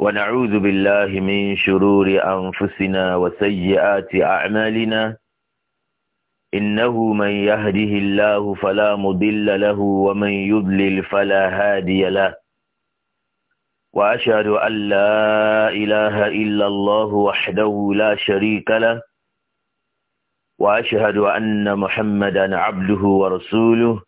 ونعوذ بالله من شرور أنفسنا وسيئات أعمالنا إنه من يهده الله فلا مضل له ومن يضلل فلا هادي له وأشهد أن لا إله إلا الله وحده لا شريك له وأشهد أن محمدا عبده ورسوله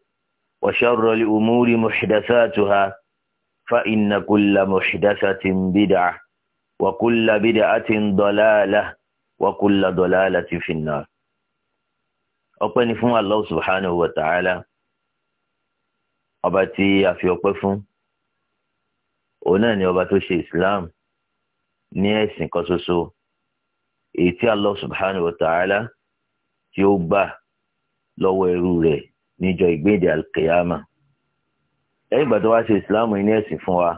وشر الأمور محدثاتها فإن كل محدثة بدعة وكل بدعة ضلالة وكل ضلالة في النار ọpẹ́ ni fún Allah subhanahu wa ta'ala ọba tí a fi ọpẹ́ fún òun náà ni ọba tó ṣe Islam ní ẹ̀sìn kan ṣoṣo èyí tí Allah subhanahu wa ta'ala tí ó gbà lọ́wọ́ ẹrú rẹ̀ níjọ ìgbéǹde alkiyama lẹ́yìn ìgbà tó wá ṣe ìsìláàmù ní ẹ̀sìn fún wa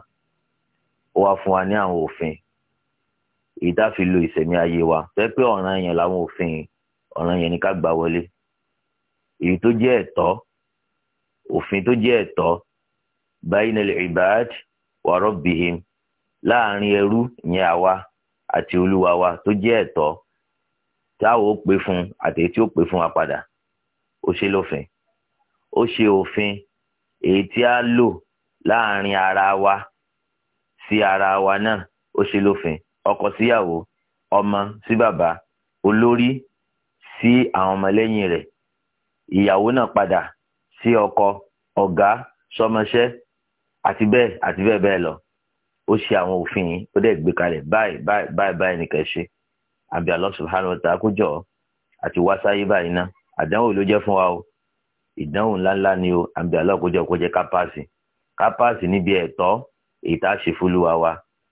ó wá fún wa ní àwọn òfin ìdáfilo ìsẹ̀mí ayé wa fẹ́ pé ọ̀ràn yẹn làwọn òfin ọ̀ràn yẹn ni ká gbà wọlé èyí tó jẹ́ ẹ̀tọ́ òfin tó jẹ́ ẹ̀tọ́ bainal ibad wa rabbihim láàrin ẹrú ìyẹn àwa àti olúwa wa tó jẹ́ ẹ̀tọ́ táwọn ó pè fún àtẹ̀yẹ tí ó pè fún wa padà ó ṣe lófin ó ṣe òfin èyí tí a lò láàrin ara wa sí ara wa náà ó ṣe lófin ọkọ síyàwó ọmọ sí bàbá olórí sí àwọn ọmọlẹ́yìn rẹ̀ ìyàwó náà padà sí ọkọ ọ̀gá sọmọṣẹ́ àti bẹ́ẹ̀ àti bẹ́ẹ̀ bẹ́ẹ̀ lọ ó ṣe àwọn òfin yìí ó dẹ̀ gbé kalẹ̀ báyìí báyìí báyìí báyìí nìkan ṣe àbí Allah subhanahu wa ta'ala kó jọ àti wá sáyé báyìí ná àdánwò ló jẹ́ fún wa o ìdánwò ńláńlá ni o àbí alákòjọ kọjá kápáàsì kápáàsì níbi ẹ̀tọ́ èyí tá a ṣe fúlùwà wa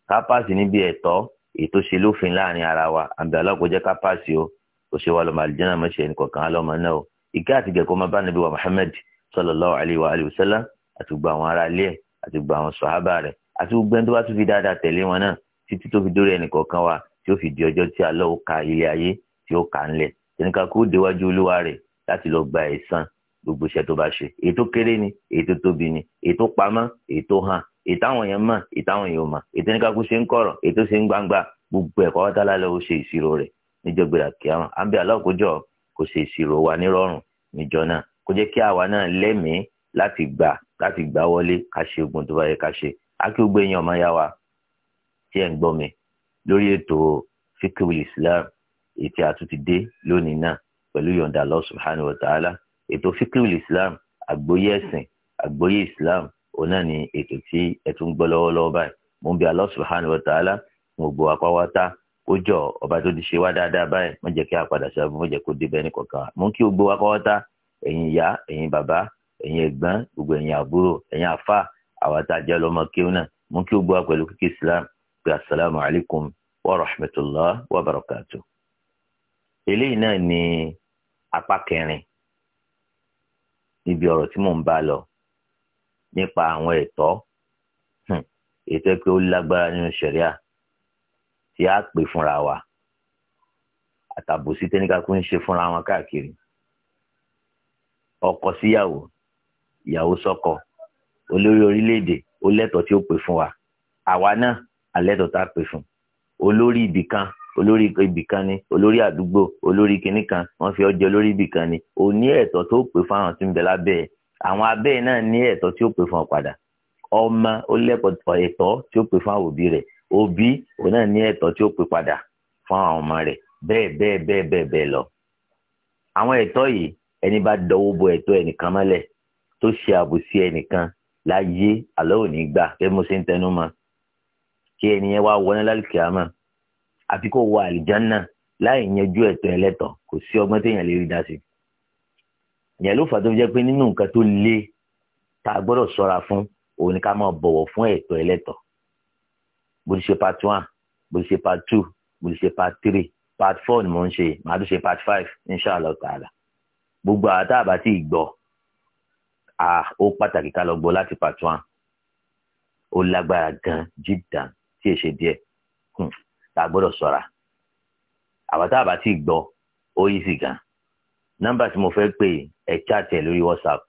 kápáàsì níbi ẹ̀tọ́ èyí tó ṣe lófin láàrin ara wa àbí alákòjọ kápáàsì o kò ṣe wà lọ́mọ àlìjẹ́nà mọ́ṣẹ́ ẹnì kọ̀ọ̀kan alọ́mọ náà o ìkẹ́ àti gẹ̀kọ́ máa bá nàbí wa Muhammad sallallahu alayhi wa alihi wa sallam àti gbogbo àwọn ará ilé ẹ̀ àti gbogbo àwọn sọ̀hábà rẹ̀ àti gbogbo ẹni tó bá tún fi dáadáa tẹ̀lé wọn náà títí tó fi dórí ẹnì wa tí ó fi di ọjọ́ tí Allah ó ka ilé ayé tí ó kà ńlẹ̀ tẹ̀níkà kó déwájú olúwa rẹ̀ láti lọ gba ẹ̀san gbogbo iṣẹ́ tó bá ṣe èyí tó kéré ni èyí tó tóbi ni èyí tó pamọ́ èyí tó hàn èyí táwọn èèyàn mọ̀ èyí táwọn èèyàn mọ̀ èyí tó ní kakú ṣe ń kọ̀rọ̀ èyí tó ṣe ń gbangba gbogbo ẹ̀kọ́ wátálá lọ́wọ́ ṣe ìṣirò rẹ̀ níjọ́ gbéra kíámà àbí alákòójọ kò ṣe ìṣirò wa nírọ̀rùn níjọ́ náà kó jẹ́ kí àwa náà lẹ́mìí láti gbà láti gbà wọlé ká ṣe ogun tó bá yẹ ká ṣe akí gbogbo èèyàn ọmọ yá wa tí ẹ̀ ń gbọ́ mi lórí ètò fíkìwìl Islam ètò àtúntì dé lónìí náà pẹ̀lú yọ̀ǹda Allah subhanahu wa ta'ala ètò fikiru islam àgbóyé ẹ̀sìn àgbóyé islam òun náà ni ètò tí ẹ tún gbọ́ lọ́wọ́lọ́wọ́ báyìí mo ń bi Allah subhanahu wa ta'ala mo gbọ́ apáwátá ó jọ ọba tó ti ṣe wá dáadáa báyìí mo jẹ́ kí a padà ṣáà mo jẹ́ kó débẹ̀ ní kọ̀ọ̀kan mo ń kí gbogbo apáwátá ẹ̀yin ìyá ẹ̀yin bàbá ẹ̀yin ẹ̀gbọ́n gbogbo ẹ̀yin àbúrò ẹ̀yin àfà àwa tá a kéwù náà mo ń kí gbogbo wa pẹ̀lú kíkí islam pé asalaamu alaykum wa rahmatulah wa barakatu eléyìí náà ni apá kẹrin níbi ọ̀rọ̀ tí mò ń bá lọ nípa àwọn ẹ̀tọ́ hmm, ètò pé ó lágbára nínú ṣẹ̀ríà tí a pè fúnra wa àtàbòsí tẹ́nìkàkú ń ṣe fúnra wọn káàkiri ọkọ síyàwó ìyàwó sọ́kọ olórí orílẹ̀-èdè ó lẹ́tọ̀ọ́ tí ó pè fún wa àwa náà alẹ́tọ̀ọ́ tá a pè fún olórí ibì olórí ibìkan ni olórí àdúgbò olórí kinní kan wọ́n fi ọjọ́ olórí ibìkan ni o ní ẹ̀tọ́ tó pè fún àwọn tí ń bẹ lábẹ́ ẹ̀ àwọn abẹ́ ẹ̀ náà ní ẹ̀tọ́ tí ó pè fún ọ padà ọmọ ó lẹ́pọ̀tọ̀ ẹ̀tọ́ tí ó pè fún àwọn òbí rẹ̀ òbí òun náà ní ẹ̀tọ́ tí ó pè padà fún àwọn ọmọ rẹ̀ bẹ́ẹ̀ bẹ́ẹ̀ bẹ́ẹ̀ bẹ́ẹ̀ bẹ́ẹ̀ lọ. àwọn ẹ̀tọ́ yìí ẹni bá dọwọ́ bo ẹ̀tọ́ ẹnìkan mọ́lẹ̀ tó ṣe àbòsí ẹnìkan láyé àlọ́ òní gbà kẹ́ mo ń tẹnu mọ́ kí ẹni wá wọná lálùkìyàmọ́ àti kó wọ àlìjánná láì yanjú ẹ̀tọ́ ẹlẹ́tọ̀ kò sí ọgbọ́n téèyàn lè rí dá sí. ìyẹn ló fà tó fi pé nínú nǹkan tó le tá a gbọ́dọ̀ ṣọ́ra fún òun ni ká máa bọ̀wọ̀ fún ẹ̀tọ́ ẹlẹ́tọ̀ bó ti ṣe part one bó ti ṣe part two bó ti ṣe part three part four ni mò ń ṣe màá tún ṣe part five inshallah ta'ala gbogbo àwọn tá a bá ti gbọ́ a ó pàtàkì ká lọ gbọ́ láti part one ó lágbára gan jìdá tí èṣe díẹ̀ hmm tá a gbọ́dọ̀ ṣọ́ra àwọn tá a bá ti gbọ́ ó yí sí gan nọ́mbà tí mo fẹ́ pè ẹ chaatì ẹ lórí whatsapp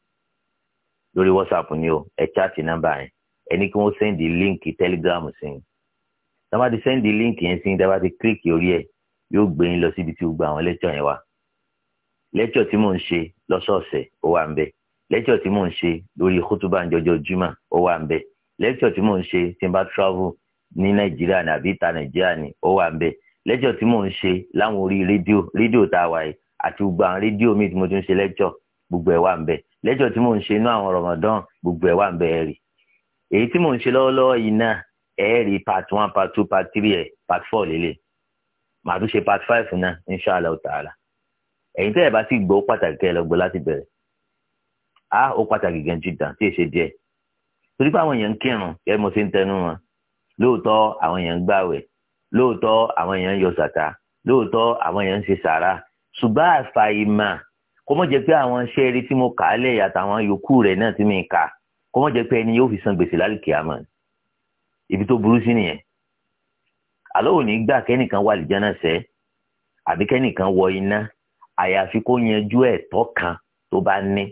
lórí whatsapp ni o ẹ chaatì nọ́mbà yẹn ẹ ní kí wọ́n sẹ́ndì líǹkì telegram sí i tá a bá ti sẹ́ndì líǹkì yẹn sí i tá a bá ti kíríkì orí ẹ yóò gbé yín lọ síbi tí ó gba àwọn lẹ́tọ̀ yẹn wá lẹ́tọ̀ tí mò ń ṣe lọ́sọ̀ọ̀sẹ̀ ó wà ń bẹ̀ lẹ́tọ̀ tí mò ń ṣe lórí kútúbà ń jimá ó wà ń bẹ̀ lẹ́tọ̀ tí mò ń ṣe tí n bá travel ní nàìjíríà ní àbí ìta nàìjíríà ni ó wà ń bẹ lẹ́jọ̀ tí mò ń ṣe láwọn orí rédíò rédíò tá a wà yìí àti gbogbo àwọn rédíò míì tí mo ti ń ṣe lẹ́jọ̀ gbogbo ẹ̀ wà ń bẹ lẹ́jọ̀ tí mò ń ṣe inú àwọn Ramadan gbogbo ẹ̀ wà ń bẹ ẹ̀ rí èyí tí mò ń ṣe lọ́wọ́lọ́wọ́ yìí náà ẹ̀ rí part one part two part three ẹ̀ part four lélẹ̀ màá tún ṣe part five náà inṣàlá ọ̀tàlá ẹ̀yin tẹ́ ẹ̀ bá sì gbọ́ pàtàkì kẹ́ ẹ lọ gbọ́ láti bẹ̀rẹ̀ á ah, ó pàtàkì gan jù dàn tí èsè díẹ̀ torí pé àwọn èèyàn ń kírun kẹ́ mo ṣe ń tẹnu wọn lóòótọ́ àwọn èèyàn ń gbàwẹ̀ lóòótọ́ àwọn èèyàn ń yọ sàtà lóòótọ́ àwọn èèyàn ń ṣe sàrà ṣùgbọ́n àfàìmà kó mọ̀ jẹ́ pé àwọn iṣẹ́ rí tí mo kà á lẹ̀ àtàwọn yòókù rẹ̀ náà tí mi kà kó mọ̀ jẹ́ pé ẹni yóò fi san gbèsè lálùkì àmọ́ ibi tó burú sí nìyẹn àlọ́ òní gbà kẹ́nìkan wà lìjánà sẹ́ àbí kẹ́nìkan wọ iná àyàfi kó yanjú ẹ̀tọ́ kan tó bá ní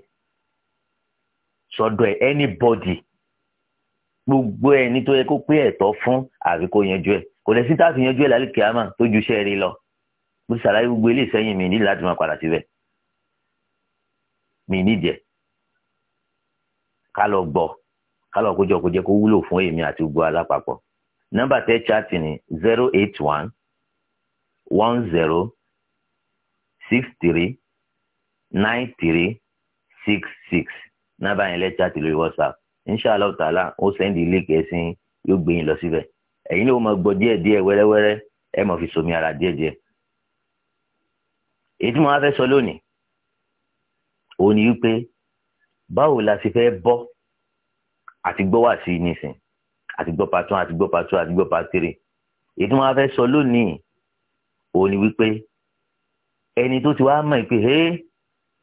sọ́dọ̀ ẹ̀ anybody gbogbo ẹni tó yẹ kó pé ẹ̀tọ́ fún àbí kó yanjú ẹ̀ kò lẹ́sìn tá a fi yanjú ẹ̀ lálẹ́ kíámà tó ju iṣẹ́ rí lọ mo ṣàlàyé gbogbo ilé ìsẹ́yìn mi nílùú láti máa padà síbẹ̀ mi nídìí ẹ̀ ká lọ gbọ́ ká lọ kójọ kó jẹ́ kó wúlò fún èmi àti gbogbo alápapọ̀ nọ́mbà tẹ chaati ni zero eight one one zero six three nine three six six nọ́mbà yẹn lẹ́ chaati lórí WhatsApp inṣàlá ọ̀tàlá ó sẹ́ndì ilé kẹsìn yóò gbé yín lọ síbẹ̀ ẹ̀yin ló máa gbọ́ díẹ̀ díẹ̀ wẹ́rẹ́wẹ́rẹ́ ẹ máa fi somi ara díẹ̀ díẹ̀ èyí tí mo wá fẹ́ sọ lónìí òun ni wípé báwo la ṣe fẹ́ bọ́ àti gbọ́ wà sí nísìn àti gbọ́ part one àti gbọ́ part two àti gbọ́ part three èyí tí mo wá fẹ́ sọ lónìí òun ni wípé ẹni tó ti wá mọ̀ pé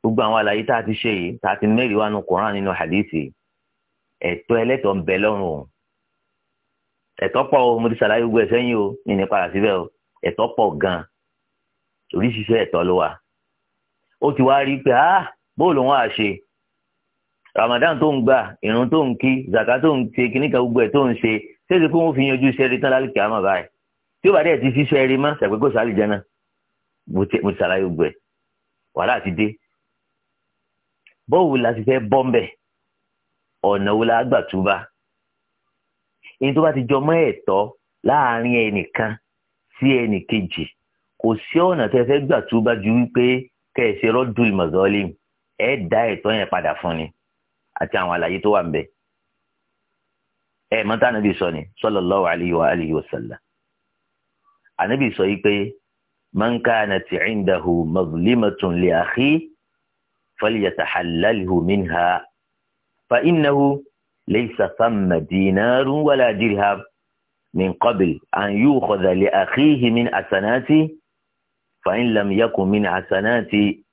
gbogbo àwọn àlàyé tá a ti ṣe yìí tá a ti mẹ́rìí wá nu Kùránì nínú hadisi yìí ẹ̀tọ́ ẹlẹ́tọ̀ ń bẹ lọ́rùn o ẹ̀tọ́ pọ̀ o mo ti ṣàlàyé gbogbo ẹ̀ sẹ́yìn o ní ní padà síbẹ̀ o ẹ̀tọ́ pọ̀ gan oríṣiríṣi ẹ̀tọ́ ló wà ó ti wá rí i pé ah bóòlù wọn à ṣe Ramadan tó ń gbà ìrun tó ń kí zaka tó ń ṣe kíníkà gbogbo ẹ̀ tó ń ṣe ṣéṣe kó wọn fi yanjú iṣẹ́ rí tán lálùkì àmọ́ báyìí tí ó bá dẹ̀ ti ṣiṣẹ́ rí mọ́ ṣàpẹ́ kó sàlì jẹ́nà mo ti ṣàlàyé gbogbo ẹ̀ wàhálà ti dé bọ́ọ̀wù la ti fẹ́ bọ́ ọ̀nà wo la gbà túbà èyí tó bá ti jọmọ́ ẹ̀tọ́ láàrin ẹnìkan sí ẹnìkejì kò sí ọ̀nà tẹ́ fẹ́ gbà túbà ju wípé kẹ́ ẹ ṣe rọ́dùl mọ̀zọ́lìm ẹ dá ẹ̀tọ́ yẹn padà fún ni àti àwọn àlàyé tó wà ń bẹ ẹ mọ tá ànábì sọ ni sallallahu alayhi wa alihi wa ànábì sọ yìí pé man kanat indahu mazlimatun li akhi falyatahallalhu minha fa innahu laysa thamma dinarun wala dirham min qabl an yukhadha li akhihi min hasanati fa in lam yakun min hasanati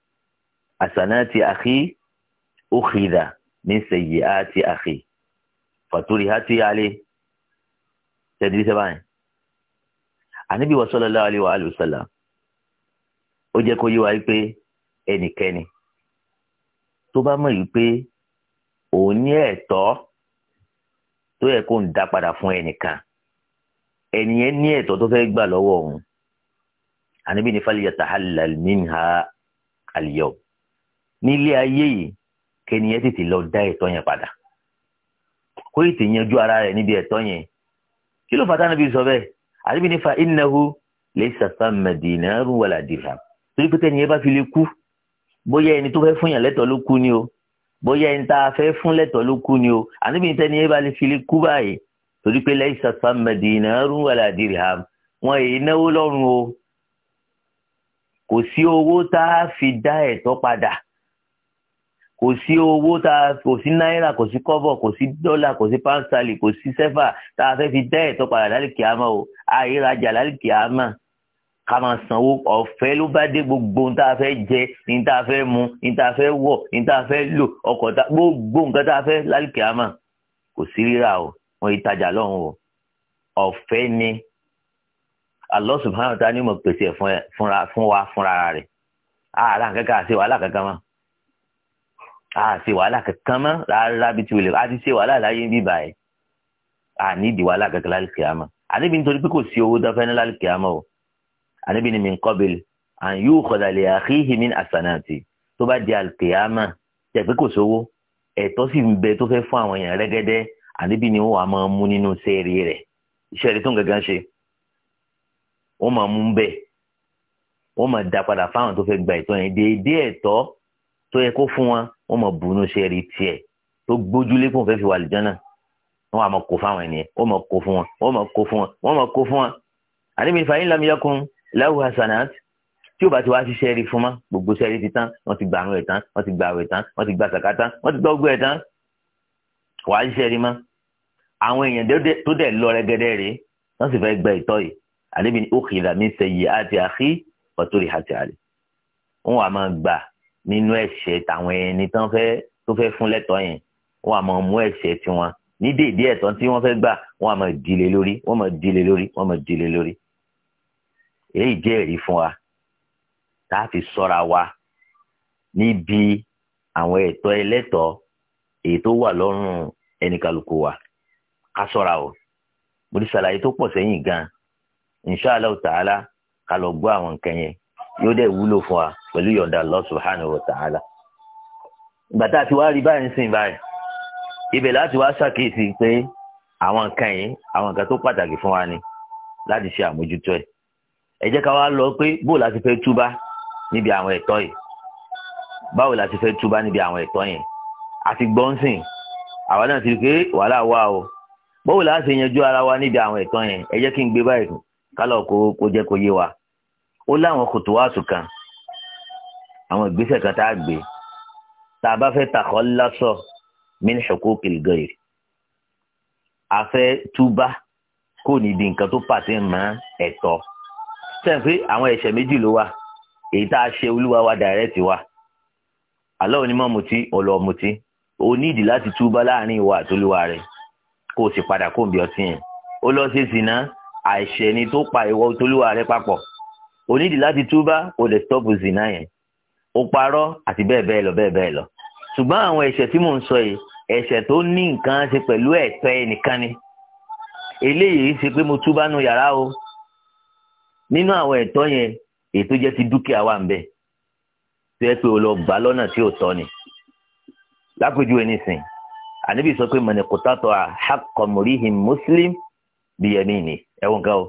hasanati akhi ukhidha min sayyiati akhi faturihati alayhi tẹ̀dí sẹ́bà yẹn ànábì wa sallallahu alaihi wa alihi wasallam ó jẹ́ kó yé wa pé ẹnikẹ́ni tó bá mọ̀ yìí pé òun ní ẹ̀tọ́ tó yẹ kó ń dá padà fún ẹnìkan ẹnìyẹn ní ẹ̀tọ́ tó fẹ́ gbà lọ́wọ́ òun àníbi ní fàlìyà tahallal minha al-yawm nílé ayé yìí kẹ́niyẹn tètè lọ dá ẹ̀tọ́ yẹn padà kó ètè yanjú ara rẹ̀ níbi ẹ̀tọ́ yẹn kí ló fàtà níbi sọ bẹ́ẹ̀ àníbi ní fa innahu laysa thamma dinaru wala dirham torí pé tẹ́niyẹn bá fi lè kú bóyá ẹni tó fẹ́ fún yàn lẹ́tọ̀ọ́ ló kú ni o bóyá ẹni tá a fẹ́ fún lẹ́tọ̀ọ́ ló kú ni o àníbi ní tẹ́ni ẹ bá lè kú báyìí torí pé lẹ́yìn sàfà mẹ́dínà rún wàlà dirham wọn èyí náwó lọ́rùn o kò sí owó tá a fi dá ẹ̀tọ́ padà kò sí owó tá a kò sí náírà kò sí kọ́bọ̀ kò sí dọ́là kò sí pánsálì kò sí sẹ́fà tá a fẹ́ fi dá ẹ̀tọ́ padà lálẹ́ kìámà o àyírajà lálẹ́ kìámà ká máa sanwó ọ̀fẹ́ ló bá dé gbogbo ní tá fẹ́ jẹ ní tá fẹ́ mu ní tá a fẹ́ wọ̀ ní tá a fẹ́ lò ọkọ̀ tá gbogbo nǹkan tá fẹ́ lálùkẹ́ àmà kò sí rírà o wọn ìtajà lọ́hùn o ọ̀fẹ́ ni Allah subhanahu wa ta'ala ni mo pèsè fún wa fúnra rẹ̀ ààrà kankan àti wàhálà kankan mọ́ àti wàhálà kankan mọ́ rárá bí ti wèlé àti ṣe wàhálà láyé ń bíbà ẹ̀ àní ìdí wàhálà kankan lálùkẹ́ àmà àníbi nítorí pé kò sí owó tó ní lálùkẹ́ àmà o ànábì ni min qabil an yukhadha li akhihi min asanati tó bá di alkiyama tẹ̀ pé kò sówó ẹ̀tọ́ sì ń bẹ tó fẹ́ fún àwọn èèyàn rẹ́gẹ́dẹ́ ànábì ni wọ́n á máa mú nínú sẹ́ẹ̀rì rẹ̀ iṣẹ́ rẹ̀ tó ń gangan ṣe wọ́n máa mú bẹ́ẹ̀ wọ́n máa dá padà fáwọn tó fẹ́ gba ìtọ́ yẹn déédéé ẹ̀tọ́ tó yẹ kó fún wọn wọ́n máa bunú sẹ́ẹ̀rì tiẹ̀ tó gbójúlé kó fẹ́ fi wà lìjọ́nà wọ́n máa kó fáwọn ènìyàn wọ́n máa kó fún wọn wọ́n máa kó fún wọn wọ́n máa kó fún wọn àníbi ìfàyín lam yakun láwù hasanat tí o bá ti wá ṣiṣẹ́ rí fún mọ́ gbogbo sẹ́rí ti tán wọ́n ti gbàrún ẹ̀ tán wọ́n ti gbàrún ẹ̀ tán wọ́n ti gba sàkà tán wọ́n ti tọ́gbọ́ ẹ̀ tán wàá ṣiṣẹ́ rí mọ́ àwọn èèyàn tó dẹ̀ lọ rẹ́gẹ́dẹ́ rèé wọ́n sì fẹ́ gba ìtọ́ yìí àlébi ni ó kì í là mí ṣe yìí àti àkí ọ̀tòrì àti àlè wọ́n wà máa gbà nínú ẹ̀ṣẹ̀ tàwọn ẹni tán fẹ́ tó fẹ́ fún lẹ́tọ́ yẹn wọ́n wà máa mú ẹ̀ṣẹ̀ tiwọn ní déédéé ẹ̀tọ́ tí wọ́n fẹ́ gbà wọ́n wà máa dìlé lórí wọ́n máa dìlé lórí wọ́n máa dìlé lórí èyí jẹ́ ẹ̀rí fún wa tá a fi sọ́ra wa níbi àwọn ẹ̀tọ́ ẹlẹ́tọ̀ọ́ èyí tó wà lọ́rùn ẹnìkàlùkù wa ká sọ́ra o mo ti ṣàlàyé tó pọ̀ sẹ́yìn gan inṣàlá ta'ala ká lọ gbọ́ àwọn nǹkan yẹn yóò dẹ̀ wúlò fún wa pẹ̀lú yọ̀ǹda Allah subhanahu wa ta'ala ìgbà tá a ti wá rí báyìí sìn báyìí ibẹ̀ láti wá ṣàkíyèsí pé àwọn nǹkan yìí àwọn nǹkan tó pàtàkì fún wa ni láti ṣe àmójútó ẹ̀ ẹ jẹ́ ká wá lọ pé bó la ti fẹ́ túbá níbi àwọn ẹ̀tọ́ yìí báwo la ti fẹ́ túbá níbi àwọn ẹ̀tọ́ yẹn àti gbọ́nsìn àwa náà ti rí pé wàhálà wà o báwo la ṣe yanjú ara wa níbi àwọn ẹ̀tọ́ yẹn ẹ jẹ́ kí n gbé báyìí kálọ̀ kó kó jẹ́ kó yé wa ó láwọn kòtò wáàtù kan àwọn ìgbésẹ̀ kan tá a gbé tá a bá fẹ́ tàkọ́ lásọ min huquqil ghair a fẹ́ túbá kò níbi nǹkan tó pàṣẹ mọ́ ẹ̀tọ́ sẹ́yìn pé àwọn ẹ̀ṣẹ̀ méjì ló wà èyí tá a ṣe olúwa wa dàrẹ́tì wa àlọ́ onímọ̀ mutí ọ̀lọ́ mutí o níìdì láti túbá láàrin ìwà àtolúwa rẹ̀ kó o sì padà kó o bí ọtí yẹn ó lọ sí ìsìná àìṣẹ̀ ni tó pa ìwọ àtolúwa rẹ̀ papọ̀ o níìdì láti túbá o lè stop ìsìná yẹn o parọ́ àti bẹ́ẹ̀ bẹ́ẹ̀ lọ bẹ́ẹ̀ bẹ́ẹ̀ lọ ṣùgbọ́n àwọn ẹ̀ṣẹ̀ tí mò ń sọ yìí ẹ̀ṣẹ̀ tó ní nǹkan ṣe pẹ̀lú ẹ̀tọ́ ẹnìkan ni eléyìí ṣe pé mo túbá nu yàrá o nínú àwọn ẹ̀tọ́ yẹn ètò jẹ́ ti dúkìá wà ń bẹ tó yẹ pé o lọ gbà lọ́nà tí ò tọ́ ni lápèjúwe nísìn ànábì sọ pé mọ̀nìkùtàtọ̀ àhàkọ̀mùrìhìn muslim bìyẹ̀mí ni ẹ̀wọ̀n kan o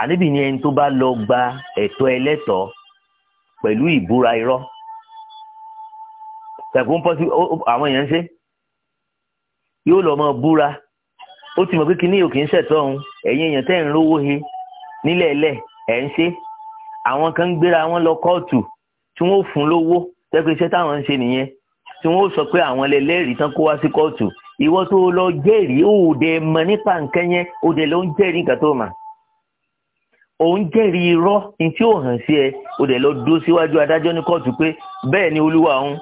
ànábì ni ẹni tó bá lọ gba ẹ̀tọ́ ẹlẹ́tọ̀ọ́ pẹ̀lú ìbúra irọ́ tẹ̀kún pọ́sí àwọn èèyàn ń ṣe yóò lọ mọ búra ó ti mọ̀ pé kíní òkè ń ṣẹ̀tọ́ òun ẹ̀yin èèyàn tẹ́ ń rówó he nílẹ̀ ẹlẹ̀ ẹ̀ ń ṣe àwọn kan ń gbéra wọn lọ kóòtù tí wọ́n fún lówó tẹ́pẹ́ iṣẹ́ táwọn ń ṣe nìyẹn tí wọ́n sọ pé àwọn ẹlẹ́rìí tán kó wá sí kóòtù ìwọ tó lọ jẹ́rìí ó dẹ̀ mọ̀ nípa nǹkan yẹn ó dẹ̀ lọ ń jẹ́rìí nǹkan tó mà òun jẹ́rìí irọ́ ní tí ó hàn sí ẹ ó dẹ̀ lọ dúró síwájú adájọ́ ní kóòtù pé bẹ́ẹ̀ ni olúwa òun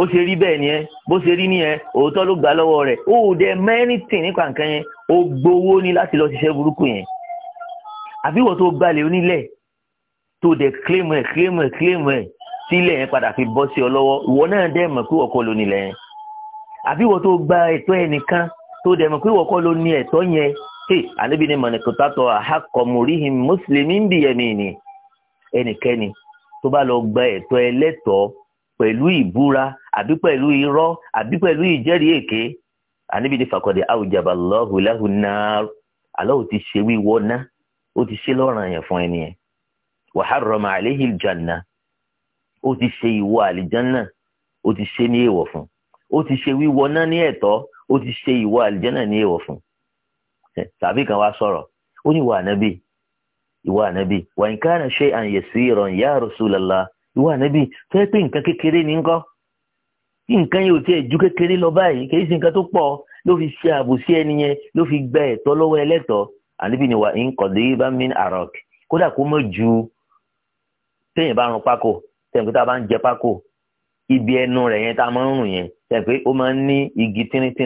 ó ṣe rí bẹ́ẹ̀ nìyẹn bó ṣe rí nìyẹn òótọ́ ló gbà lọ́wọ́ rẹ̀ ó dẹ̀ mọ̀ anything nípa nǹkan yẹn ó gbowó ní láti lọ ṣiṣẹ́ burúkú yẹn àbí wọ́n tó gbalẹ̀ onílẹ̀ tó dẹ̀ kílèmù ẹ̀ kílèmù ẹ̀ kílèmù ẹ̀ sílẹ̀ yẹn padà fi bọ́ sí ọ lọ́wọ́ ìwọ náà dẹ̀ mọ̀ pé wọ́n kọ́ ló nílẹ̀ yẹn àbí wọ́n tó gba ẹ̀tọ́ ẹnìkan tó dẹ̀ mọ̀ pé wọ́n kọ́ ló ní ẹ̀tọ́ yẹn ṣe àlébi ni mọ̀nìkòtàtọ̀ àhàkọ̀mùríhìn mùsùlùmí ń bìyẹn ní ẹnikẹ́ni tó bá lọ gba ẹ̀tọ́ ẹlẹ́tọ̀ọ́ pẹ̀lú ìbúra àbí pẹ̀lú irọ́ àbí pẹ̀lú ìjẹ́rìí èké àníbi ni fàkọ̀dé àwùjábà lọ́hùn lẹ́hùn náà aláwọ̀ ti ṣe wíwọ́ náà ó ti ṣe lọ́ràn yẹn fún ẹni yẹn wa harrama ó ti ṣe ìwọ àlìjánná ó ti ṣe ní èèwọ̀ fún ó ti ṣe wíwọ náà ní ẹ̀tọ́ ó ti ṣe ìwọ àlìjánná ní èèwọ̀ fún tàbí kan wá sọ̀rọ̀ ó ní ìwà ànábì ànábì wa in kana shay'an yasiran ya rasulallah ìwà ànábì tó pé nǹkan kékeré ní kí nǹkan yóò tiẹ̀ ju kékeré lọ báyìí kì í nǹkan tó pọ̀ ló fi ṣe àbòsí gba ẹ̀tọ́ lọ́wọ́ ẹlẹ́tọ̀ọ́ àníbi ni wà ń kọ̀dé bá mi àrọ̀k kódà kó mọ̀ ju téèyàn bá rún pákó téèyàn pé tá a bá ń jẹ pákó ibi ẹnu rẹ̀ yẹn tá a máa ń rùn yẹn téèyàn pé ó máa ń ní igi tínrín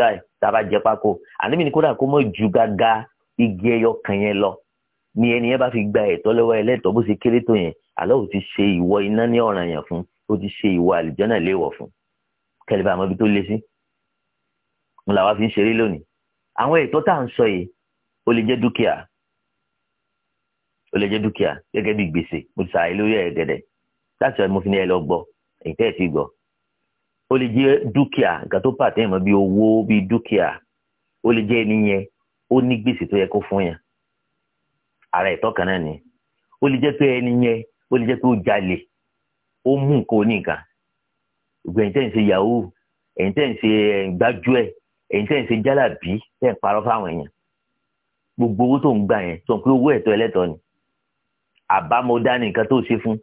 báyìí tá a bá jẹ pákó àníbi ni kódà kó mọ̀ ju gàgà igi ẹyọ kan yẹn lọ ni ẹni yẹn bá fi gba ẹ̀tọ́ lọ́wọ́ ẹlẹ́tọ̀ọ́ bó ṣe kéré tó yẹn àlọ́ ò ti ṣe ìwọ iná ní ọ̀ràn yẹn fún ó ti ṣe ìwọ àlìjọ́nà léèwọ̀ fún kẹlẹ́bà àmọ́ tó lé sí ń làwa fi ń ṣeré lónìí àwọn ẹ̀tọ́ tá à ń sọ yìí ó lè jẹ́ dúkìá ó lè jẹ́ dúkìá gẹ́gẹ́ bí gbèsè mo ti sàlàyé lórí ẹ̀ gẹ́dẹ̀ láti ọ̀dọ̀ mo fi ní ẹ lọ gbọ́ èyí tẹ́ ẹ ti gbọ́ ó lè jẹ́ dúkìá nǹkan tó pàtẹ́ ìmọ̀ bíi owó bíi dúkìá ó lè jẹ́ ẹni yẹn ó ní gbèsè tó yẹ kó fún yẹn ara ẹ̀tọ́ kan náà ni ó lè jẹ́ pé ẹni yẹn ó lè jẹ́ pé ó jalè ó mú nǹkan oníkan ìgbẹ́ ẹ̀yin tẹ́ ń ṣe yahoo ẹ̀yin tẹ́ ń ṣe gbájúẹ̀ ẹ̀yin tẹ́ ń ṣe jálàbí tẹ́ ń parọ́ fáwọn èèyàn gbogbo owó tó ń gbà yẹn sọ pé owó ẹ̀tọ́ ẹlẹ́tọ́ ni àbámọ̀dá ni nǹkan tó ṣe fún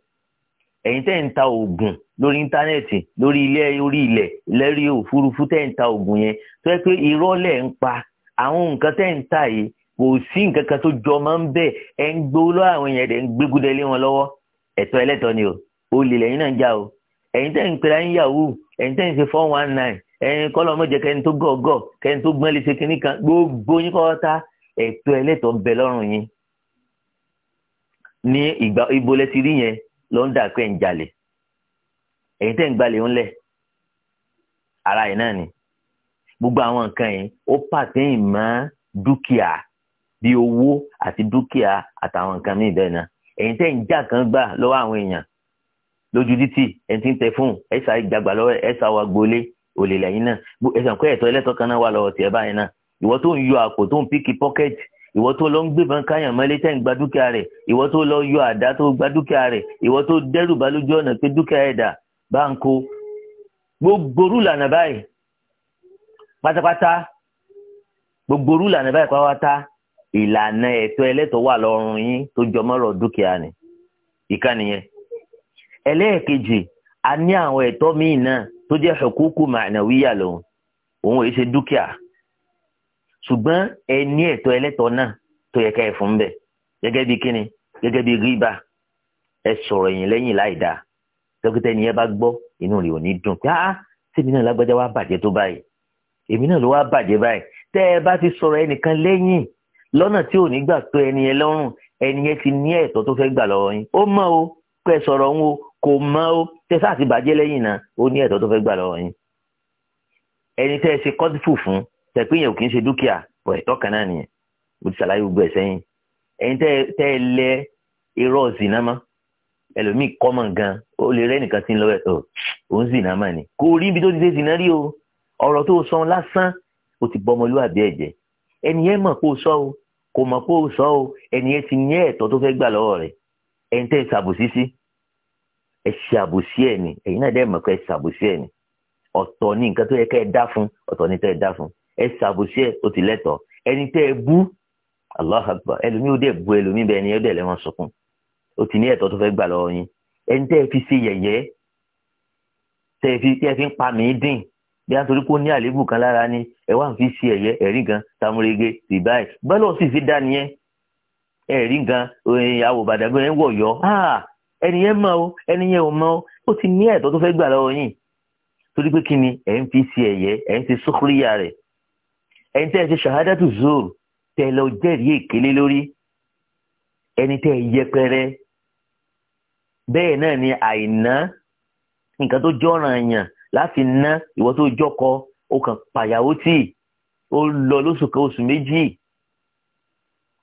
ẹ̀yin tẹ́ ń ta oògùn lórí íńtánẹ́ẹ̀tì lórí ilé orí ilẹ̀ lẹ́rí òfurufú tẹ́ ń ta oògùn yẹn tó yẹ pé irọ́ lẹ̀ ń pa àwọn nǹkan tẹ́ ń ta yìí kò sí nǹkan kan tó jọ máa ń bẹ̀ ẹ̀ ń gbowó lọ́wọ́ àwọn èèyàn ẹ̀ ń gbégúdẹ lé wọn lọ́wọ́ ẹ̀tọ́ ẹlẹ́tọ́ ni o olè lẹ́yìn náà já o ẹ̀yin tẹ́ ń pera ń yahoo ẹ̀yin tẹ́ ń ṣe four one nine ẹ̀yin kọ́lọ́ mọ́jẹ kẹ́ni tó gọ̀ọ́gọ̀ kẹ́ni tó gbọ́n lè ṣe kinní kan gbogbo yín kọ́ ta ẹ̀tọ́ ẹlẹ́tọ̀ọ́ ń bẹ lọ́rùn yín ní ìgbà ibo lẹ ti rí yẹn ló ń dà pé ń jalè èyí tẹ̀ ń gbalè ńlẹ̀ ara ẹ̀ náà ni gbogbo àwọn nǹkan yìí ó pàtẹ́yìn mọ́ dúkìá bíi owó àti dúkìá àtàwọn nǹkan míì bẹ́ẹ̀ náà èyí tẹ̀ ń jà kan gbà lọ́wọ́ àwọn èèyàn lójú títì ẹ̀ ti ń tẹ fóun ẹ̀ sá ìjàgbà lọ́wọ́ ẹ̀ sá gbolé olè náà ẹ̀sán kọ́ ẹ̀tọ́ ẹlẹ́tọ́ kan náà wà lọ́wọ́ tiẹ̀ báyìí náà ìwọ tó ń yọ àpò tó ń píkì pọ́kẹ́tì ìwọ tó lọ ń gbébọn káyàn mọ́lé tẹ́ ń gba dúkìá rẹ̀ ìwọ tó lọ yọ àdá tó gba dúkìá rẹ̀ ìwọ tó dẹ́rù bá lójú ọ̀nà pé dúkìá ẹ̀dà bá ń kó gbogbo orú lànà báyìí pátápátá gbogbo orú lànà báyìí pátápátá ìlànà ẹ̀tọ́ ẹlẹ́tọ̀ọ́ wà lọ́rùn yín tó jọmọ́rọ̀ dúkìá ni ìkan nìyẹn ẹlẹ́ẹ̀kejì a ní àwọn ẹ̀tọ́ míì náà tó jẹ́ hukuku ṣùgbọ́n ẹ ní ẹ̀tọ́ ẹlẹ́tọ́ náà tó yẹ ká ẹ fún bẹ̀ gẹ́gẹ́ bí kíni gẹ́gẹ́ bí rìbá ẹ sọ̀rọ̀ yìí lẹ́yìn láì dáa dókítà ẹni yẹn bá gbọ́ inú rẹ̀ ò ní dùn pé ah sèmi náà lágbájá wá bàjẹ́ tó báyìí èmi náà ló wá bàjẹ́ báyìí tẹ́ ẹ bá ti sọ̀rọ̀ ẹnìkan lẹ́yìn lọ́nà tí ò ní gbà pé ẹni yẹn lọ́rùn ẹni yẹn ti ní ẹ̀tọ́ tó fẹ́ gbà lọ́wọ́ yín ó mọ̀ o pé sọ̀rọ̀ ń o kò mọ̀ o tẹ́ sáà ti bàjẹ́ lẹ́yìn náà ó ní ẹ̀tọ́ tó fẹ́ gbà lọ́wọ́ yín ẹni tẹ́ ẹ ṣe kọ́tífù fún tẹ̀péyàn kì í ṣe dúkìá pọ̀ ẹ̀tọ́ kan náà nìyẹn mo ti ṣàlàyé gbogbo ẹ̀ sẹ́yìn ẹ̀yin tẹ́ ẹ lẹ irọ́ zìnnà mọ́ ẹlòmíì kọ́mọ̀ gan ó lè rẹ́ nìkan sí lọ́wọ́ ẹ̀ òun zìnnà mọ́ ni kò rí ibi tó ti ṣe zìnnà rí o ọ̀rọ̀ tó sọ lásán ó ti bọ́ ọmọlúwàbí ẹ̀jẹ̀ ẹni yẹn mọ̀ kó sọ o kò mọ̀ kó sọ o ẹni yẹn ti ní ẹ̀tọ́ tó fẹ́ gbà lọ́wọ́ rẹ̀ ẹ̀yin tẹ́ ṣàbòsí sí ẹ ṣàbòsí ẹ̀ ni ẹ̀yin náà dẹ́ mọ̀ pé ṣàbòsí ẹ̀ ni ọ̀tọ̀ ni nǹkan tó yẹ ká ẹ dá fún ọ̀tọ̀ ni tẹ́ ẹ dá fún ẹ ṣàbòsí ẹ o ti lẹ́tọ̀ọ́ ẹni tẹ́ ẹ bú Allahu Akbar ẹlòmíì ó dẹ̀ bú ẹlòmíì bẹ́ẹ̀ ni ẹ dẹ̀ lẹ́wọ̀n sunkún o ti ní ẹ̀tọ́ tó fẹ́ gbà lọ́wọ́ yín ẹni tẹ́ ẹ fi ṣe yẹ̀yẹ́ tẹ́ ẹ fi tẹ́ ẹ fi ń pa mí dín bí a torí pé ó ní àléébù kan lára ni ẹ wá ń fi ṣe ẹ̀yẹ ẹ̀rí gan tamurege rìbáì bẹ́ẹ̀ lọ́ọ̀ sì fi dá nìyẹn ẹ̀rí gan àwòbàdàgbẹ́ ẹ̀ ń wọ̀ yọ ẹni yẹn mọ o ẹni yẹn ò mọ o ó ti ní ẹ̀tọ́ tó fẹ́ gbà lọ́wọ́ yín torí pé kí ni ẹ ń fi ṣe ẹ̀yẹ ẹ ń ṣe sókúríyà rẹ̀ ẹni tẹ́ ẹ ṣe ṣahadatu zoro tẹ́ ẹ lọ jẹ́rìí èkélé lórí ẹni tẹ́ ẹ yẹpẹrẹ bẹ́ẹ̀ náà ni àìná nǹkan tó jọ́ràn yàn láti ná ìwọ tó jọkọ ó kàn pàyàwó tì ó lọ lóṣù kan oṣù méjì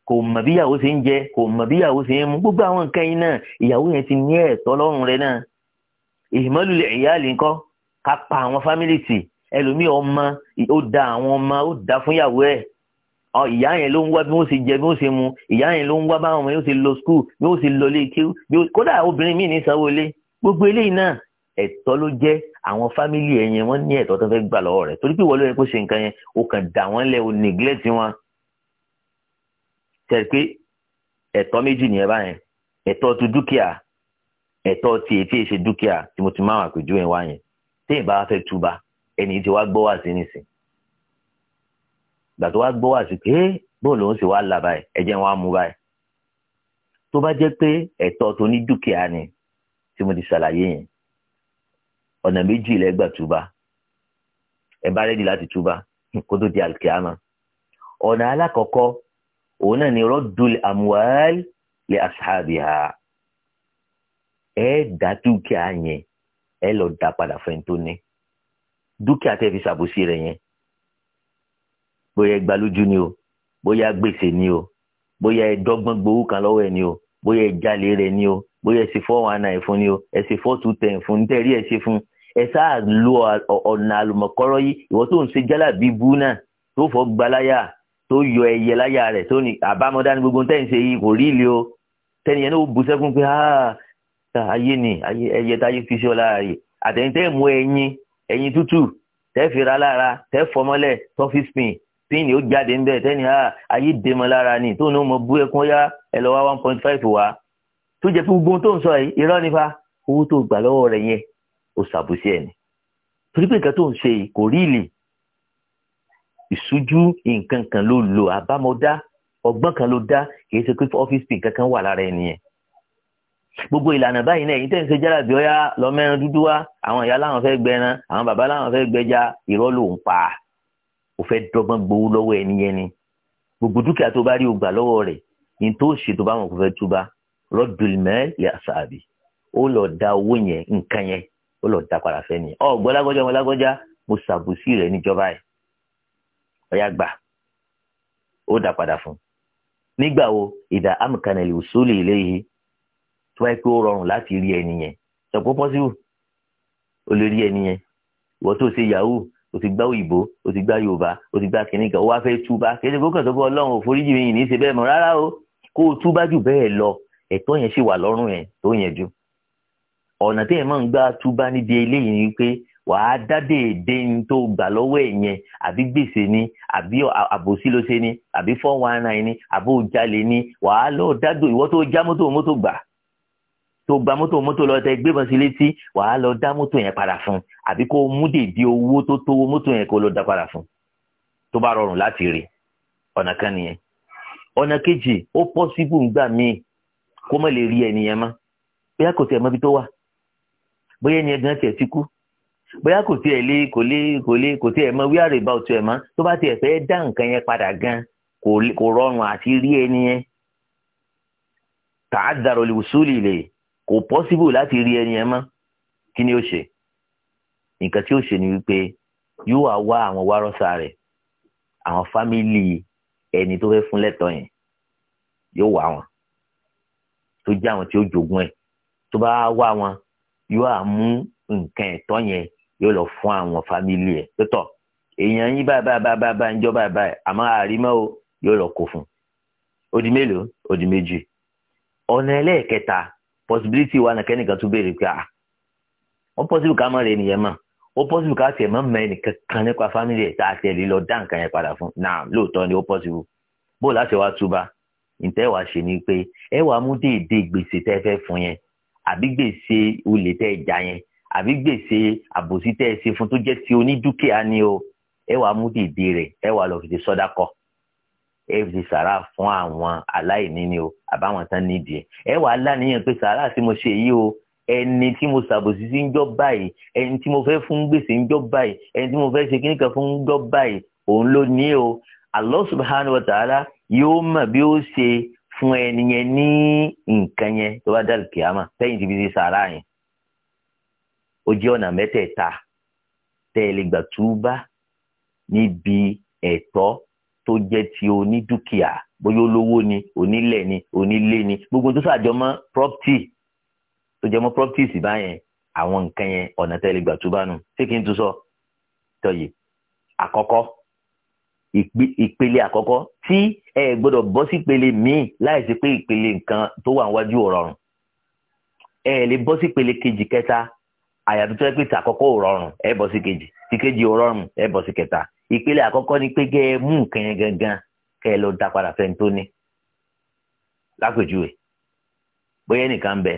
kò mọ̀ bí ìyàwó ṣe ń jẹ kò mọ̀ bí ìyàwó ṣe ń mu gbogbo àwọn nǹkan yìí náà ìyàwó yẹn ti ní ẹ̀tọ́ lọ́rùn rẹ̀ náà ìmọ̀lùlẹ̀ ìyáàlì ńkọ́ ká pa àwọn fámìlì tì ẹlòmíì ọmọ ó da àwọn ọmọ ó da fún ìyàwó ẹ̀ ìyá yẹn ló ń wá bí wọ́n ṣe jẹ bí wọ́n ṣe mu ìyá yẹn ló ń wá báwọn ọmọ yóò ṣe lọ skul bí wọ́n ṣe lọ lé kíú kódà obìnrin míì ní sanwó ilé gbogbo eléyìí náà ẹ̀tọ́ ló jẹ́ àwọn fámìlì ẹ̀ yẹn wọ́n ní ẹ̀tọ́ tó fẹ́ gbà lọ́wọ́ rẹ̀ torí pé ìwọ ló yẹ kó ṣe nǹkan yẹn o kàn dà wọ́n lẹ̀ o neglect wọn. tẹ̀ pé ẹ̀tọ́ méjì nìyẹn báyẹn ẹ̀tọ́ tu dúkìá ẹ̀tọ́ ti ètí èṣe dúkìá tí mo ti máa wà pẹ̀jú ẹ̀ wá yẹn téèyàn bá fẹ́ túba ẹni tí wàá gbọ́ wá sí nìsín gbà tó wàá gbọ́ wá sí pé bóun lòún sì wá là báyìí ẹ̀jẹ̀ wọn á mú báyìí tó bá jẹ́ pé ẹ̀tọ́ tó ní dúkìá ni tí mo ti ṣàlàyé yẹn ọ̀nà méjì lẹ́gbà túbà ẹ bá rẹ́dí láti túbà kó tó di àlùkìyámà ọ̀nà alákọ̀ọ́kọ́ òun náà ni rọ́dùl àmúwáàlì lè àṣàbíhà ẹ dá dúkìá yẹn ẹ lọ dá padà fún ẹni tó ní dúkìá tẹ́ fi ṣàbòsí rẹ̀ yẹn bóyá ẹ gbà lójú ni o bóyá gbèsè ni o bóyá ẹ dọ́gbọ́n gbowó kan lọ́wọ́ ẹ ni o bóyá ẹ jalè rẹ̀ ni o bóyá ẹ ṣe four one nine fún ni o ẹ ṣe four two ten fún níta ẹ̀rí ẹ ṣe fún ẹ sáà lo ọ̀nà àlùmọ̀kọ́rọ́ yìí ìwọ tó ń ṣe jálà bíi bú náà tó fọ́ gbaláyà tó yọ ẹyẹ láyà rẹ̀ tó ní àbámọ́dá gbogbo tẹ́ ń ṣe yìí kò rí ilé o tẹ́ni yẹn náà bu sẹ́kún pé ayé ni ẹyẹ táyé fi ṣọ́ láàyè àtẹ̀yìntẹ́ mú ẹyin ẹ̀yin tútù tẹ́ fi ra lára tẹ́ fọmọ́lẹ̀ tọ́fí spin pin ó jáde ń bẹ̀ tẹ́ni ha ah, ayé dèmọ lára ni tó ní mo bú ẹkún yá ẹ lọ wá one point five wá tó jẹ́ pé gbogbo tó ń sọ yìí irọ́ nípa owó tó gbà lọ́wọ́ rẹ̀ yẹn ó ṣàbùsí ẹ̀ ni torí pé nǹkan tó ń ṣe yìí kò rí ìlì ìṣújú nǹkan kan ló lò àbámọ̀dá ọgbọ́n kan ló dá kì í ṣe pé ọ́fíìsì nǹkan wà lára ẹni yẹn gbogbo ìlànà báyìí náà èyí tẹ́ ń ṣe jára bí ọyá lọ́mẹ́rin dúdú wá àwọn ìyá láwọn fẹ́ gbẹran àwọn bàbá láwọn fẹ́ gbẹja irọ́ ló ń pa ò fẹ́ dọ́gbọ́n gbowó lọ́wọ́ ẹni yẹn ni gbogbo dúkìá tó bá rí o gbà lọ́wọ́ rẹ̀ ní tó ṣe tó bá wọn kò fẹ́ túbá rọ́dùlmẹ́ yà sàbí ó lọ da owó yẹn nǹkan yẹn ó lọ da padà fẹ́ ni ọ gbọ́ lágbọ́já mo lágbọ́já mo ṣàbùsí rẹ̀ níjọba ẹ̀ ọyá gbà ó dá padà fún nígbà wo ìdá amkanẹ̀lì òṣòlè ilé yìí tó bá yẹ pé ó rọrùn láti rí ẹni yẹn sọpọ pọsibú o lè rí ẹni yẹn ìwọ tó ṣe yahoo o ti gbá òyìnbó o ti gbá yorùbá o ti gbá kínní kan o wá fẹ́ túbá kéde kókàn tó bọ Ọlọ́run ò foríjì mi ní ṣe bẹ́ẹ̀ mọ́ rárá o kó o túbá jù bẹ́ẹ̀ lọ ẹ̀tọ́ yẹn ṣì wà lọ́rùn yẹn tó yẹn jù ọ̀nà téèyàn máa ń gbá túbá níbi eléyìí ni pé wàá dádé èdè ní tó gbà lọ́wọ́ ẹ̀ yẹn àbí gbèsè ni àbí àbòsí ló ṣe ni àbí four one nine ni àbó jalè ni wàá lọ́ọ́ dádò ìwọ tó já mọ́tò mọ́tò gbà tó gba mọ́tò mọ́tò lọ tẹ gbé bọ́sí létí wàá lọ dá mọ́tò yẹn padà fún àbí kó mú dèbí owó tó tó mọ́tò yẹn kó lọ dá padà fún tó bá rọrùn láti rè ọ̀nà kan nìyẹn ọ̀nà kejì ó pọ́síbù ńgbà míì kó mọ̀ lè rí ẹnìyẹn mọ́ bóyá kò tiẹ̀ mọ́bi tó wà bóyá ẹnìyẹn gan tiẹ̀ ti kú bóyá kò tiẹ̀ lé kò lé kò lé kò tiẹ̀ mọ wíwá rè bá ẹ̀ mọ́ tó bá tiẹ̀ fẹ́ dá nǹkan yẹn padà gan kò rọrùn àti rí ẹnìyẹn tààdàrọ̀ lè wùsùlì lè kò possible láti rí ẹni yẹn mọ́ kí ni ó ṣe nǹkan tí ó ṣe ni wípé yóò wá wá àwọn wárọ́sà rẹ̀ àwọn fámìlì ẹni tó fẹ́ fún lẹ́tọ̀ọ́ yẹn yóò wá wọn tó jẹ́ àwọn tí ó jogún ẹ̀ tó bá wá wọn yóò á mú nǹkan ẹ̀tọ́ yẹn yóò lọ fún àwọn fámìlì ẹ̀ pẹ́tọ̀ èèyàn yín báyìí báyìí báyìí báyìí ń jọ báyìí báyìí àmọ́ àrímọ́ o yóò lọ kó fún un ó di mélòó ó méjì ọ̀nà ẹlẹ́ẹ̀kẹta possibility wa nàkẹ́ nìkan tún béèrè pé ah ó possible ká mọ̀ rẹ̀ nìyẹn mọ̀ ó possible ká tiẹ̀ mọ̀ mọ̀ ẹnìkan kan nípa family ẹ̀ tá a tiẹ̀ lè lọ dá nǹkan yẹn padà fún náà lóòótọ́ ni ó possible bó láti wá túbà ǹtẹ́ wàá ṣe ni pé ẹ wàá mú déédéé gbèsè tẹ́ fẹ́ fún yẹn àbí gbèsè olè tẹ́ jà yẹn àbí gbèsè àbòsí tẹ́ ẹ ṣe fún tó jẹ́ ti onídúkìá ni ẹ wàá mú déédéé rẹ̀ ẹ wàá lọ fi ṣe sọ́dá kọ́ ẹ sara sàrà fún àwọn aláìní ni o àbáwọn tán nídìí ẹ wà á láníyàn pé sàrà tí mo ṣe yìí o ẹni tí mo ṣàbòsí sí ń jọ báyìí ẹni tí mo fẹ́ fún gbèsè ń jọ báyìí ẹni tí mo fẹ́ ṣe kíníkan fún jọ báyìí òun ló ní o Allah subhanahu wa ta'ala yóò mọ̀ bí ó ṣe fún ẹni yẹn ní nǹkan yẹn tó bá dàrú kìámà sẹ́yìn tí fi ṣe sàrà yẹn ó jẹ́ ọ̀nà mẹ́tẹ̀ẹ̀ta tẹ́ níbi ẹ̀tọ́ tó jẹ́ ti onídùkìá bóyá olówó ni onílẹ̀ ni onílé ni gbogbo tó sàjọ mọ́ property tó jẹ́ mọ́ property sì báyẹn àwọn nǹkan yẹn ọ̀nà tẹ́lẹ̀ gbà tó bá nù ṣé kí n tún sọ tọ́yè àkọ́kọ́ ìpele àkọ́kọ́ tí ẹ gbọ́dọ̀ bọ́ sí ìpele míì láì sí pé ìpele nǹkan tó wà níwájú ò rọrùn ẹ lè bọ́ sí ìpele kejì kẹta àyàfi tó pé tàkọ́kọ́ ò rọrùn ẹ bọ́ sí kejì tí kejì ò ẹ bọ́ sí kẹta ìpele àkọ́kọ́ ni pé kẹ́ ẹ mú nǹkan yẹn gangan kẹ́ ẹ lọ dá padà fẹ́ni tó ní lápèjúwe bóyá ẹnìkan ń bẹ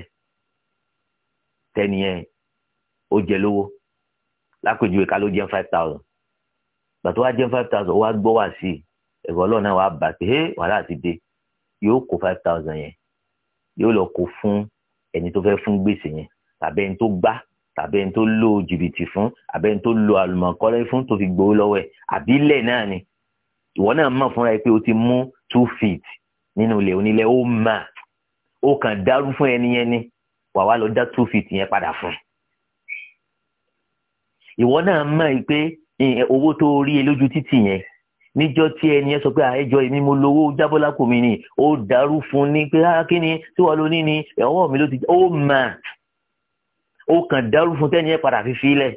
tẹ́niyẹn ó jẹ lówó lápèjúwe ká ló jẹ́ five thousand gbàtọ́ wá jẹ́ five thousand wá gbọ́ wá sí i ẹ̀rọ ọlọ́run náà wàá bà pé hé wàhálà ti dé yóò kó five thousand yẹn yóò lọ kó fún ẹni tó fẹ́ fún gbèsè yẹn tàbí ẹni tó gbá àbẹ́ ń tó lo jìbìtì fún àbẹ́ ń tó lo àlùmọ̀kọ́rẹ́ fún tó fi gbowó lọ́wọ́ ẹ̀ àbí ilẹ̀ náà ni ìwọ náà mọ̀ fúnra ẹ pé o ti mú two feet nínú ilẹ̀ onílẹ̀ ó mà ó kàn dárú fún ẹni yẹn ni wà wá lọ dá two feet yẹn padà fún ìwọ náà mọ̀ pé owó tó rí e lójú títì yẹn níjọ́ tí ẹni yẹn sọ pé àìjọ èmi mo lówó jábọ́lá kò mí ni ó dárú fún ni pé kí ni tí wọ́n lo ní ni ọwọ́ mi ló ti ó mà ó kàn dárú fún tẹ́ni yẹn padà fífi lẹ̀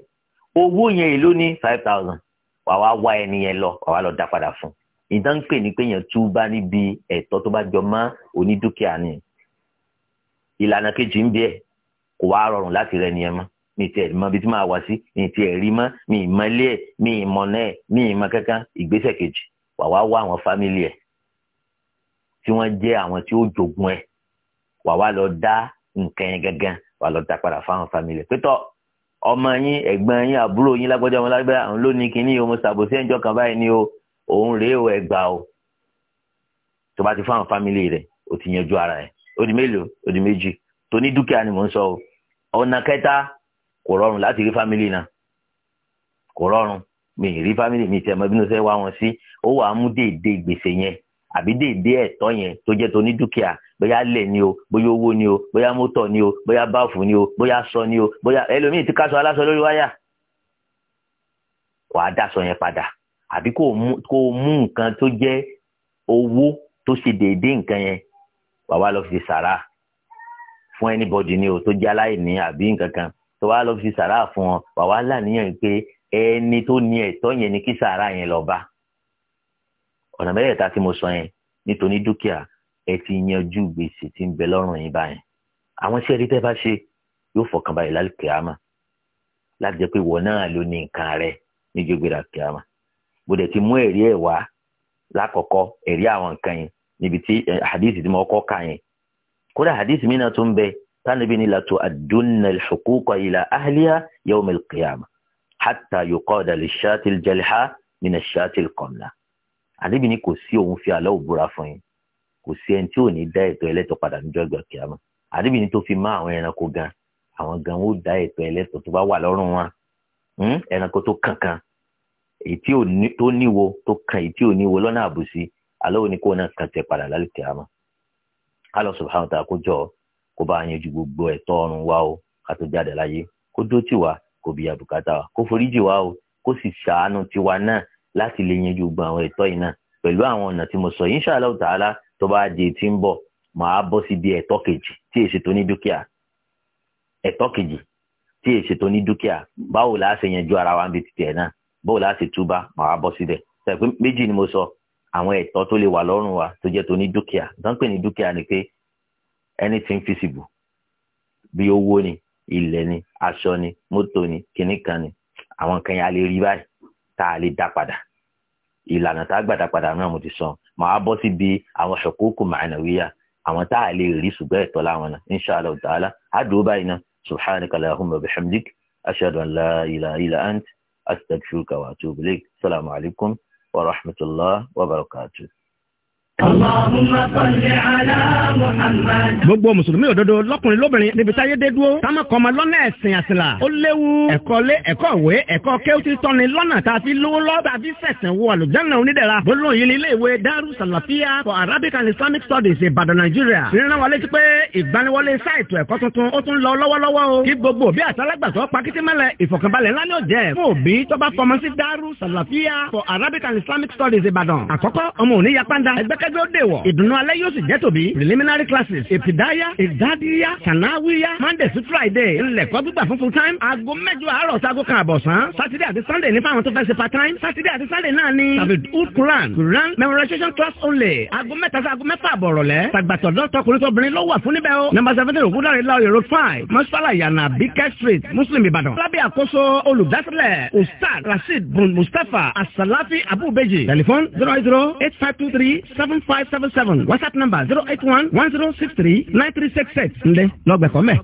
owó yẹn èló ní five thousand wà wá wá ẹni yẹn lọ wà wá lọ dá padà fún ìdá ń pè ní pé yẹn tú bá níbi ẹ̀tọ́ tó bá jọ mọ́ onídúkìá ni ìlànà kejì ń bẹ kò wá rọrùn láti rẹ ni ẹ mọ́ mi tiẹ̀ mọ ibi tí màá wá sí mi tiẹ̀ rí mọ́ mi mọ ilé ẹ̀ mi mọ náà ẹ̀ mi mọ kankan ìgbésẹ̀ kejì wà wá wá àwọn fámìlì ẹ̀ tí wọ́n jẹ́ àwọn tí ó jogun ẹ̀ wà wá lọ dá nǹkan yẹn gangan wà lọ dá padà fáwọn fámìlì pétọ́ ọmọ yín ẹ̀gbọ́n yín àbúrò yín lágbọ́jọ́ ọmọ lágbẹ́ àwọn ló kínní o mo ṣàbòsí ẹ̀jọ́ kan báyìí ni o òun rèé o ẹ̀gbà o tó bá ti fáwọn fámìlì rẹ̀ o ti yanjú ara ẹ̀ ó di mélòó ó di méjì tó ní dúkìá ni mò ń sọ o ọ̀nà kẹta kò rọrùn láti rí fámìlì náà kò rọrùn mi rí fámìlì mi tẹ̀ mọ́ bí mo fẹ́ wá wọn sí ó wàá mú déédéé gbèsè yẹn àbí déédéé ẹ̀tọ́ yẹn tó jẹ́ tó ní dúkìá bóyá lẹ̀ ni o bóyá owó ni o bóyá mọ́tò ni o bóyá báàfù ni o bóyá aṣọ ni o bóyá ẹlòmíì ti káṣọ aláṣọ lórí wáyà wàá dáṣọ yẹn padà àbí kò mú nǹkan tó jẹ́ owó tó ṣe déédéé nǹkan yẹn wàá wá lọ fi sàrà fún anybody ni o tó jẹ́ aláìní àbí nǹkan kan tó wá lọ sàrà fún ọ wàá wá láníyàn pé ẹni tó ní ẹ̀tọ́ yẹn ni kí sàrà yẹn lọ bá ọ̀nà mẹ́rẹ̀ẹ̀ta tí mo sọ yẹn nítorí dúkìá ẹ ti yanjú gbèsè tí ń bẹ lọ́rùn yín báyẹn àwọn iṣẹ́ rí tẹ́ bá ṣe yóò fọkàn balẹ̀ lálùkè àmà láti jẹ́ pé ìwọ náà ló ní nǹkan rẹ ní gbégbé lálùkè àmà mo dẹ̀ ti mú ẹ̀rí ẹ̀ wá lákọ̀ọ́kọ́ ẹ̀rí àwọn nǹkan yẹn níbi tí hadith tí mo kọ́ kà yẹn kódà hadith mi náà tún bẹ tánibí ni latu adunna al-huquqa ila ahliha yawm al-qiyamah hatta yuqada lish-shati al-jalha min ash-shati àdébì ni kò sí òun fi àlọ́ òbúra fún yín kò sí ẹni tí ò ní dá ẹ̀tọ́ ẹlẹ́tọ̀ padà níjọ́ ìgbà kìámà àdébì ni tó fi má àwọn ẹranko gan àwọn gan ó dá ẹ̀tọ́ ẹlẹ́tọ̀ tó bá wà lọ́rùn wọn hmm? ẹranko tó kankan èyí tó níwo tó kan èyí tí ò níwo lọ́nà àbòsí àlọ́ òní kó náà kàn tẹ padà lálẹ́ kìámà Allah subhanahu wa ta'ala kó jọ kó bá yanjú gbogbo ẹ̀tọ́ ọ̀run wa o ká tó jáde láyé kó dó tiwa kó bí abùkátà wa kó foríjì wa o kó sì ṣàánú tiwa náà láti lè yanjú gbogbo àwọn ẹ̀tọ́ yìí náà pẹ̀lú àwọn ọ̀nà tí mo sọ yìí insha Allah ta'ala tó bá di tí ń bọ̀ màá bọ́ síbi ẹ̀tọ́ kejì tí èsì tó ní dúkìá ẹ̀tọ́ kejì tí èsì tó ní dúkìá báwo la ṣe yanjú ara wa ń bi tìtẹ̀ náà báwo la ṣe túbá màá bọ́ síbẹ̀ tẹ̀pẹ́ méjì ni mo sọ àwọn ẹ̀tọ́ tó lè wà lọ́rùn wa tó jẹ́ tó ní dúkìá dánpẹ́ ní dúkìá ni pé anything feasible bí owó ni ilẹ̀ ni aṣọ ni mọ́tò ni kìnnìkan ni àwọn kan yà lè rí báyìí tá a lè dá padà ìlànà tá a gbàdá padà náà mo ti sọ màá bọ́ síbi àwọn ṣòkókò màánàwíyà àwọn tá a lè rí ṣùgbọ́n ẹ̀tọ́ láwọn náà inṣàlá ta'ala àdúró báyìí náà subhanaka allahumma wa bihamdik ashhadu an la ilaha illa ant astaghfiruka wa atubu ilayk alaikum wa rahmatullah wa barakatuh gbogbo mùsùlùmí òdodo lọkùnrin lóbìnrin níbi táyé dé dúró táwọn kọ́ ma lọ́nà ẹ̀sìn àsìlà ó léwu ẹ̀kọ́ lé ẹ̀kọ́ ìwé ẹ̀kọ́ kéwùtì tọ́ni lọ́nà tá a fi lówó lọ́ tá a fi sẹ̀sìn wọ àlùjáná onídẹ̀ra gbólóhùn yìí ní ilé ìwé Daru Salafia for Arabic and Islamic Studies Ìbàdàn Nàìjíríà nínú wa létí pé ìgbaniwọlé sáìtù ẹ̀kọ́ tuntun ó tún lọ lọ́wọ́lọ́wọ́ o kí gbogbo bí àtàlágbàtọ́ pakitimẹ́lẹ̀ ìfọ̀kànbalẹ̀ ńlá ni ó jẹ́ fún òbí tó bá Daru Salafia for Arabic and Islamic Studies Ìbàdàn àkọ́kọ́ ọmọ òní yapanda dúró dè wọ̀. ìdùnnú alẹ́ yóò sì jẹ́ tòbí preliminary classes ìpìdáyà ìdádíyà kànáwíyà monday sí friday ńlẹ̀kọ́ gbígbà fún full time aago mẹ́jọ àárọ̀ sago kan àbọ̀sán saturday àti sunday ní fáwọn tó fẹ́ ṣe part time saturday àti sunday náà ni david hood quran quran memorization class only aago mẹ́ta sí aago mẹ́fà àbọ̀rọ̀ lẹ́ tàgbàtọ̀dọ̀ tọkùnrin tóbìnrin ló wà fún níbẹ̀ o number seventeen ògúnlárin láòyè road five mọ́ṣálà yànnà bíkẹ́ street muslim ìbàdàn lábẹ́ àkóso olùdásílẹ̀ ustaz rasheed bun mustapha asalafi telephone zero zero eight five two three seven. 7577 whatsapp number 081 1063 9366 ńlẹ́ lọ́gbẹ̀kọ́ mẹ́.